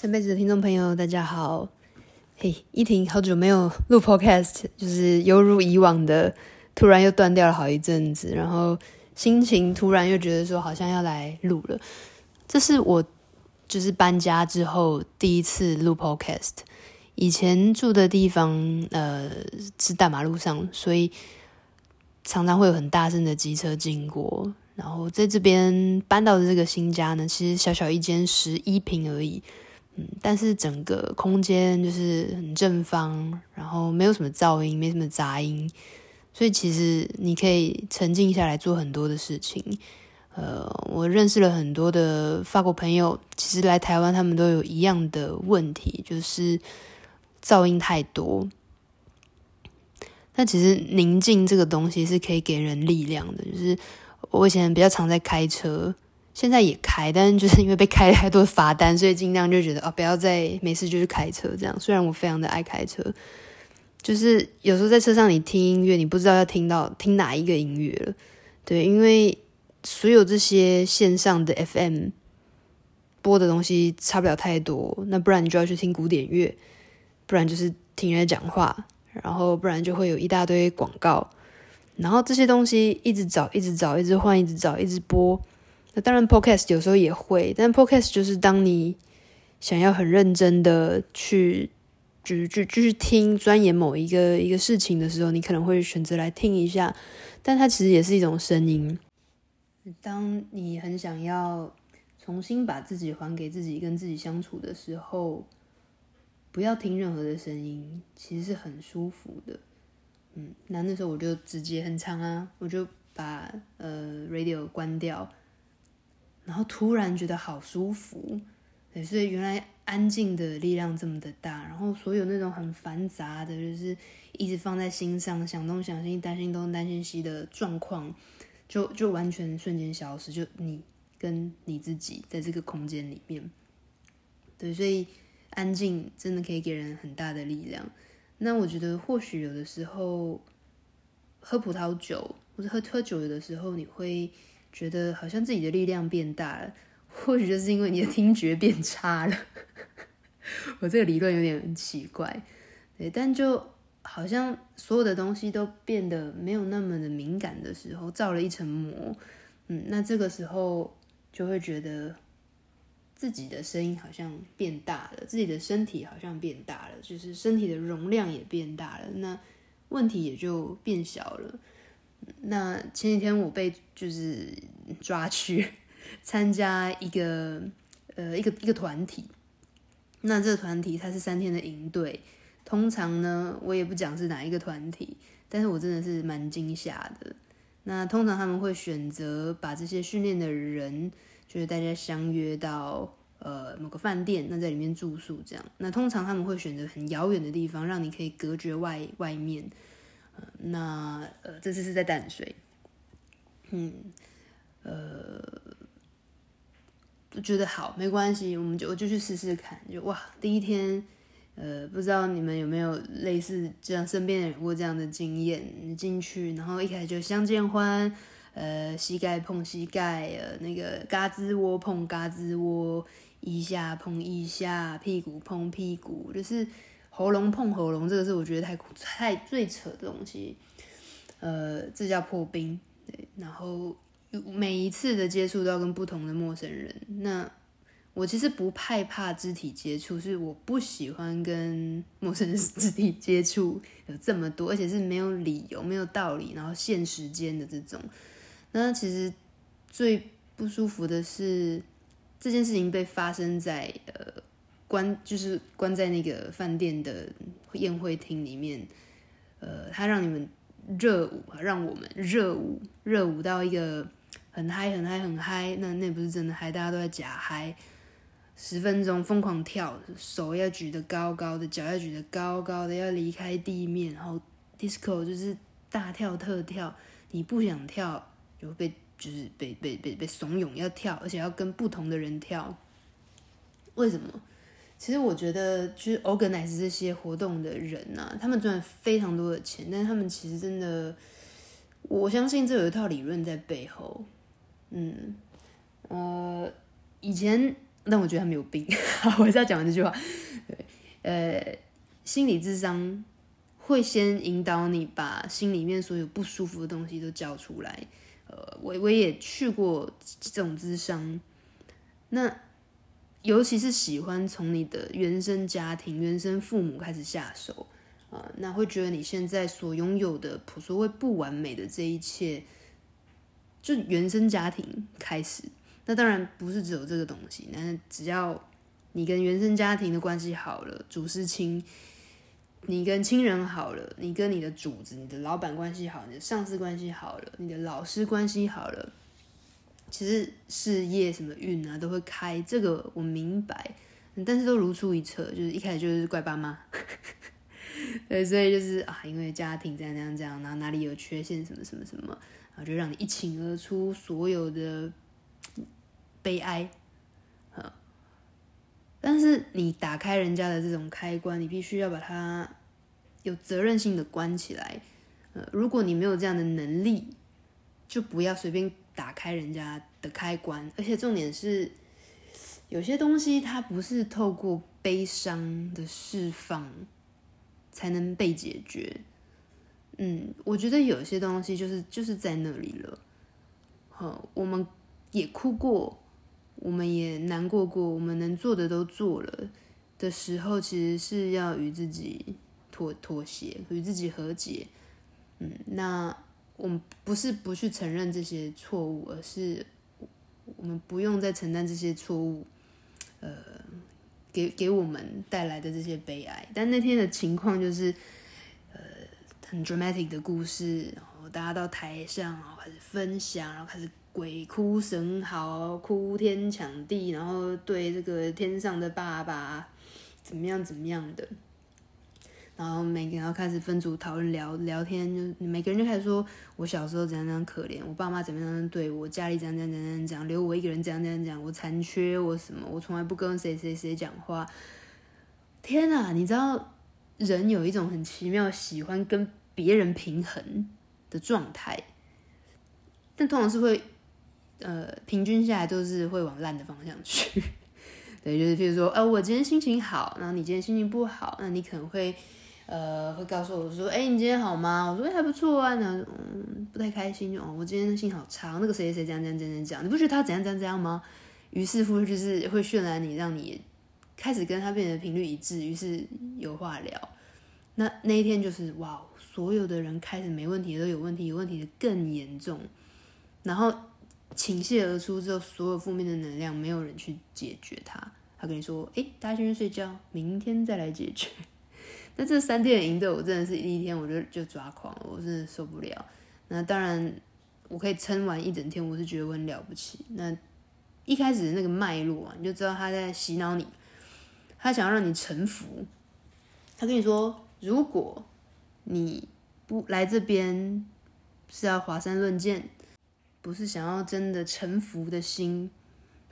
上輩子的聽眾朋友，大家好，嘿，依婷，好久沒有錄 Podcast，就是猶如以往的，突然又斷掉了好一陣子，然後心情突然又覺得說好像要來錄了。這是我就是搬家之後第一次錄 Podcast，以前住的地方呃是大馬路上，所以常常會有很大聲的機車經過，然後在這邊搬到的這個新家呢，其實小小一間十一坪而已。但是整個空間就是很正方，然後沒有什麼噪音，沒什麼雜音，所以其實你可以沉靜下來做很多的事情。呃，我認識了很多的法國朋友，其實來台灣他們都有一樣的問題，就是噪音太多。那其實寧靜這個東西是可以給人力量的，就是我以前比較常在開車。現在也開，但是就是因為被開太多罰單，所以儘量就覺得啊、哦，不要再沒事就去開車這樣。雖然我非常的愛開車，就是有時候在車上你聽音樂，你不知道要聽到聽哪一個音樂了，對，因為所有這些線上的 FM 播的東西差不了太多，那不然你就要去聽古典樂，不然就是聽人家講話，然後不然就會有一大堆廣告，然後這些東西一直找，一直找，一直換，一直找，一直播。當然，podcast 有時候也會，但 podcast 就是當你想要很認真的去就就繼續聽鑽研某一個一個事情的時候，你可能會選擇來聽一下。但它其實也是一種聲音。當你很想要重新把自己還給自己，跟自己相處的時候，不要聽任何的聲音，其實是很舒服的。嗯，那那時候我就直接很長啊，我就把呃 radio 關掉。然後突然覺得好舒服，對，所以原來安靜的力量這麼的大。然後所有那種很繁雜的，就是一直放在心上，想東想西，擔心東擔心西的狀況，就就完全瞬間消失。就你跟你自己在這個空間裡面，對，所以安靜真的可以給人很大的力量。那我覺得或許有的時候喝葡萄酒或者喝喝酒，有的時候你會，覺得好像自己的力量變大了，或許就是因為你的聽覺變差了。 我這個理論有點奇怪，對，但就好像所有的東西都變得沒有那麼的敏感的時候，造了一層膜，嗯，那這個時候就會覺得自己的聲音好像變大了，自己的身體好像變大了，就是身體的容量也變大了，那問題也就變小了。那前幾天我被就是抓去參加一個呃一個一個團體，那這個團體它是三天的營隊。通常呢我也不講是哪一個團體，但是我真的是蠻驚嚇的。那通常他們會選擇把這些訓練的人，就是大家相約到呃某個飯店，那在裡面住宿這樣。那通常他們會選擇很遙遠的地方，讓你可以隔絕外外面。那呃，這次是在淡水，嗯，呃，我覺得好，沒關係，我們就我就去試試看。就哇，第一天，呃，不知道你們有沒有類似這樣身邊有過這樣的經驗？進去，然後一開始就相見歡，呃，膝蓋碰膝蓋，呃，那個胳肢窩碰胳肢窩，一下碰一下，屁股碰屁股，就是。喉嚨碰喉嚨，這個是我覺得太太最扯的東西。呃，這叫破冰。對，然後每一次的接觸都要跟不同的陌生人，那我其實不害怕肢體接觸，是我不喜歡跟陌生人肢體接觸有這麼多，而且是沒有理由、沒有道理，然後限時間的這種。那其實最不舒服的是這件事情被發生在呃。關就是關在那個飯店的宴會廳裡面，呃，他讓你們熱舞，讓我們熱舞，熱舞到一個很嗨、很嗨、很嗨。那那不是真的嗨，大家都在假嗨。十分鐘瘋狂跳，手要舉得高高的，腳要舉得高高的，要離開地面。然後 disco 就是大跳特跳，你不想跳，就被就是被被被被慫恿要跳，而且要跟不同的人跳。為什麼？其實我覺得，就是 organize 這些活動的人吶、啊，他們賺了非常多的錢，但是他們其實真的，我相信這有一套理論在背後。嗯，呃，以前，但我覺得他沒有病。好，我還是要講完這句話，對，呃，心理智商會先引導你把心裡面所有不舒服的東西都叫出來。呃，我我也去過這種智商，那。尤其是喜歡從你的原生家庭、原生父母開始下手啊、嗯，那會覺得你現在所擁有的、所謂會不完美的這一切，就原生家庭開始。那當然不是只有這個東西，那只要你跟原生家庭的關係好了，主事親，你跟親人好了，你跟你的主子、你的老闆關係好，你的上司關係好了，你的老師關係好了。其實事業什麼運啊都會開，這個我明白，但是都如出一轍，就是一開始就是怪爸媽， 對，所以就是啊，因為家庭這樣那樣這樣，然後哪裡有缺陷什麼什麼什麼，然、啊、後就讓你一傾而出所有的悲哀、啊，但是你打開人家的這種開關，你必須要把它有責任心的關起來，呃、啊，如果你沒有這樣的能力，就不要隨便。打開人家的開關，而且重點是，有些東西它不是透過悲傷的釋放才能被解決。嗯，我覺得有些東西就是就是在那裡了。好，我們也哭過，我們也難過過，我們能做的都做了的時候，其實是要與自己妥妥協，與自己和解。嗯，那。我們不是不去承認這些錯誤，而是我們不用再承擔這些錯誤，呃，給給我們帶來的這些悲哀。但那天的情況就是，呃，很 dramatic 的故事，然後大家到台上然後開始分享，然後開始鬼哭神嚎、哭天搶地，然後對這個天上的爸爸怎麼樣怎麼樣的。然後每個人要開始分組討論聊聊天，就每個人就開始說：“我小時候怎樣怎樣可憐，我爸媽怎樣怎樣對我，我家裡怎樣怎樣怎樣怎樣，留我一個人怎樣怎樣講，我殘缺，我什麼，我從來不跟誰誰誰講話。”天哪，你知道人有一種很奇妙喜歡跟別人平衡的狀態，但通常是會呃平均下來都是會往爛的方向去。對，就是譬如說，呃，我今天心情好，然後你今天心情不好，那你可能會。呃，會告訴我說，哎、欸，你今天好嗎？我說，哎、欸，還不錯啊。然後，嗯，不太開心，哦，我今天的心好差。那個誰誰這，這，這，這，這樣這樣這樣這樣，你不覺得他怎樣怎樣這樣嗎？於是乎就是會渲染你，讓你開始跟他變得頻率一致，於是有話聊。那那一天就是，哇，所有的人開始沒問題的都有問題，有問題的更嚴重。然後傾瀉而出之後，所有負面的能量沒有人去解決他。他跟你說，哎、欸，大家先去睡覺，明天再來解決。那這三天的營隊，我真的是第一,一天我就，我就抓狂，我我是受不了。那當然，我可以撐完一整天，我是覺得我很了不起。那一開始那個脈絡啊，你就知道他在洗腦你，他想要讓你臣服。他跟你說，如果你不來這邊是要華山論劍，不是想要真的臣服的心。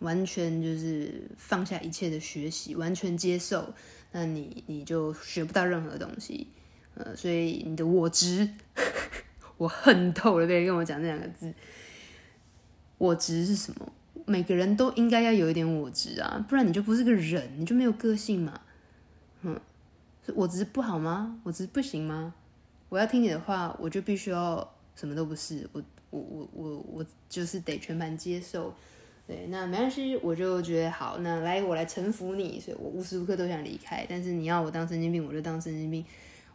完全就是放下一切的學習，完全接受，那你你就學不到任何東西。呃，所以你的我執， 我恨透了被人跟我講這兩個字。我執是什麼？每個人都應該要有一點我執啊，不然你就不是個人，你就沒有個性嘛。嗯，我執不好嗎？我執不行嗎？我要聽你的話，我就必須要什麼都不是，我我我我我就是得全盤接受。對，那沒關係，我就覺得好，那來我來臣服你，所以我無時無刻都想離開。但是你要我當神經病，我就當神經病，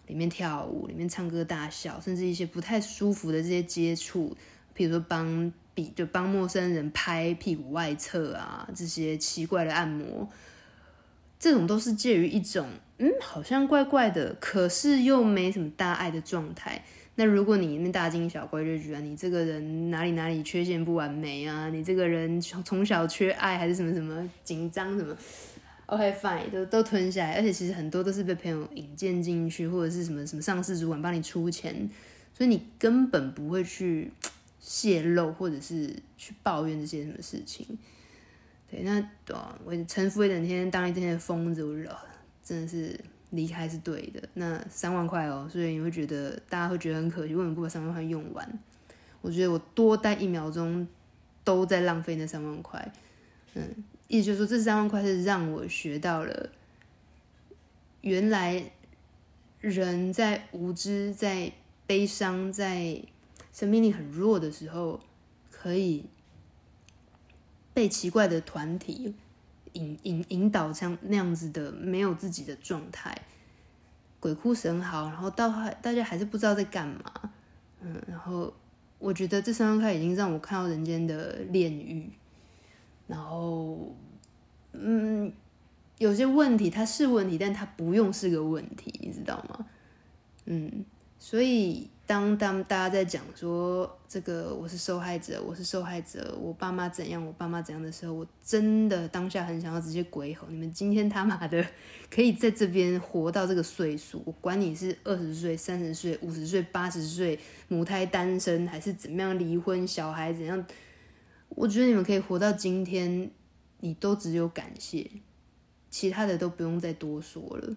裡面跳舞，裡面唱歌大笑，甚至一些不太舒服的這些接觸，譬如說幫比就幫陌生人拍屁股外側啊，這些奇怪的按摩，這種都是介於一種嗯，好像怪怪的，可是又沒什麼大礙的狀態。那如果你那大驚小怪，就覺得你這個人哪裡哪裡缺陷不完美啊？你這個人從小，小缺愛還是什麼什麼緊張什麼？OK fine，都都吞下來，而且其實很多都是被朋友引薦進去，或者是什麼什麼上司主管幫你出錢，所以你根本不會去洩露或者是去抱怨這些什麼事情。對，那對我臣服一整天，當一天的瘋子了，真的是。離開是對的，那三萬塊哦，所以你會覺得大家會覺得很可惜，為什麼不把三萬塊用完？我覺得我多待一秒鐘都在浪費那三萬塊，嗯，意思就是說這三萬塊是讓我學到了，原來人在無知、在悲傷、在生命力很弱的時候，可以被奇怪的團體。引引引導像那樣子的沒有自己的狀態，鬼哭神嚎，然後到還大家還是不知道在幹嘛，嗯，然後我覺得這三張卡已經讓我看到人間的煉獄，然後嗯，有些問題它是問題，但它不用是個問題，你知道嗎？嗯，所以。當當大家在講說這個我是受害者，我是受害者，我爸媽怎樣，我爸媽怎樣的時候，我真的當下很想要直接鬼吼。你們今天他媽的可以在這邊活到這個歲數，我管你是二十歲、三十歲、五十歲、八十歲，母胎單身還是怎麼樣離婚、小孩怎樣，我覺得你們可以活到今天，你都只有感謝，其他的都不用再多說了。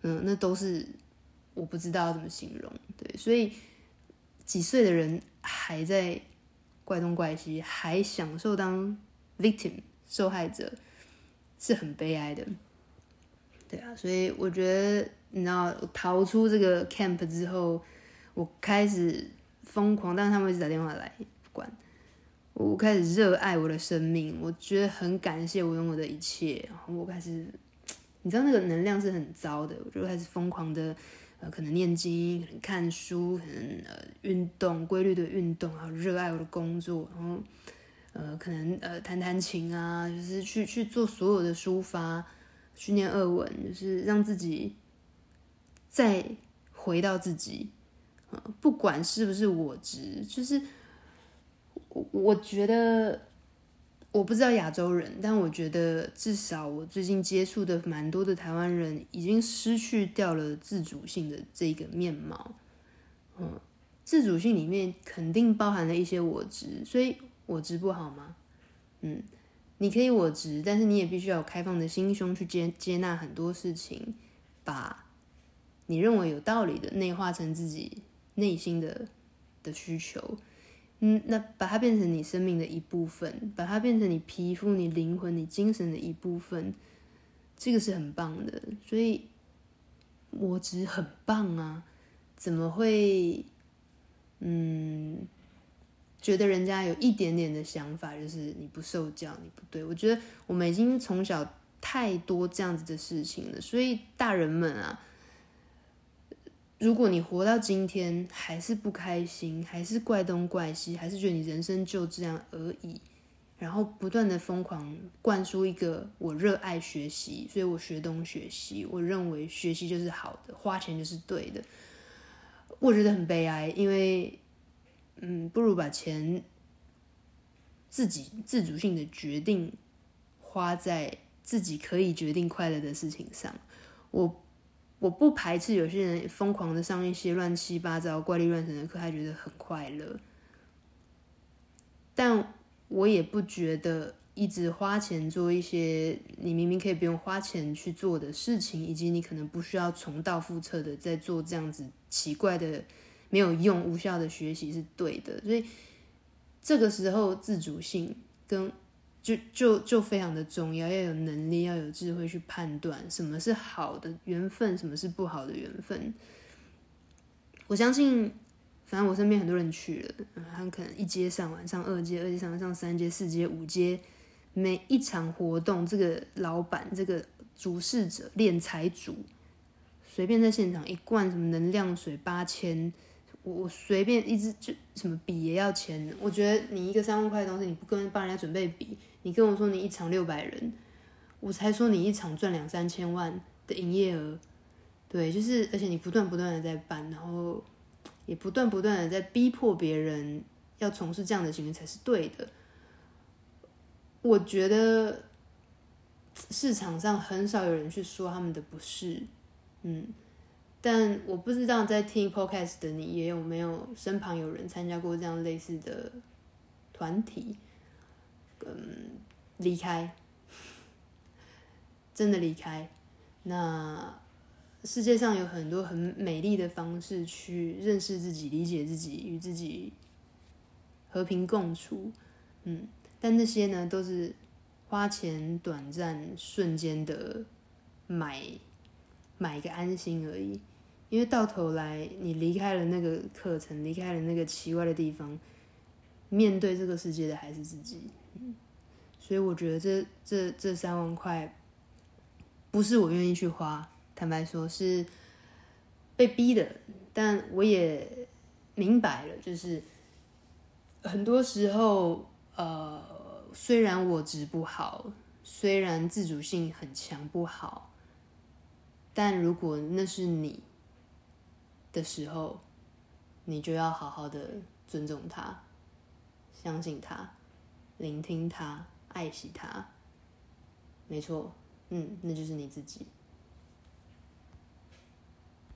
嗯，那都是。我不知道要怎麼形容，對，所以幾歲的人還在怪東怪西，還享受當 victim 受害者，是很悲哀的，對啊，所以我覺得你知道，我逃出這個 camp 之後，我開始瘋狂，但是他們一直打電話來管我，我開始熱愛我的生命，我覺得很感謝我擁有的一切，然後我開始，你知道那個能量是很糟的，我覺得我開始瘋狂的。呃，可能念經，可能看書，可能呃運動，規律的運動，還有熱愛我的工作，然後呃，可能呃彈彈琴啊，就是去去做所有的抒發，訓練二文，就是讓自己再回到自己，呃、不管是不是我執，就是我我覺得。我不知道亞洲人，但我覺得至少我最近接觸的蠻多的台灣人，已經失去掉了自主性的這個面貌。嗯，自主性裡面肯定包含了一些我執，所以我執不好嗎？嗯，你可以我執，但是你也必須要有開放的心胸去接接納很多事情，把你認為有道理的內化成自己內心的的需求。嗯，那把它變成你生命的一部分，把它變成你皮膚、你靈魂、你精神的一部分，這個是很棒的。所以，我執很棒啊，怎麼會，嗯，覺得人家有一點點的想法，就是你不受教，你不對？我覺得我們已經從小太多這樣子的事情了，所以大人們啊。如果你活到今天還是不開心，還是怪東怪西，還是覺得你人生就這樣而已，然後不斷的瘋狂灌輸一個“我熱愛學習，所以我學東學西”，我認為學習就是好的，花錢就是對的，我覺得很悲哀。因為，嗯，不如把錢自己自主性的決定花在自己可以決定快樂的事情上。我。我不排斥有些人瘋狂的上一些亂七八糟、怪力亂神的課，他還覺得很快樂。但我也不覺得一直花錢做一些你明明可以不用花錢去做的事情，以及你可能不需要重蹈覆轍的在做這樣子奇怪的、沒有用、無效的學習是對的。所以這個時候，自主性跟。就就就非常的重要，要有能力，要有智慧去判斷什麼是好的緣分，什麼是不好的緣分。我相信，反正我身邊很多人去了，很、嗯、可能一階上完，上二階，二階上完上三階、四階、五階，每一場活動，這個老板，這個主事者，斂財主，隨便在現場一罐什麼能量水八千，我我隨便一支就什麼筆也要錢，我覺得你一個三萬塊的東西，你不跟幫人家準備筆。你跟我說你一場六百人，我才說你一場賺兩三千萬的營業額，對，就是而且你不斷不斷的在辦，然後也不斷不斷的在逼迫別人要從事這樣的行為才是對的。我覺得市場上很少有人去說他們的不是，嗯，但我不知道在聽 Podcast 的你也有沒有身旁有人參加過這樣類似的團體？嗯，離開，真的離開。那世界上有很多很美麗的方式去認識自己、理解自己、與自己和平共處。嗯，但那些呢，都是花錢、短暫、瞬間的買買個安心而已。因為到頭來，你離開了那個課程，離開了那個奇怪的地方，面對這個世界的還是自己。所以我覺得這這這三萬塊不是我願意去花，坦白說是被逼的。但我也明白了，就是很多時候，呃，雖然我執不好，雖然自主性很強不好，但如果那是你的時候，你就要好好的尊重他，相信他。聆聽他，愛惜他，沒錯，嗯，那就是你自己。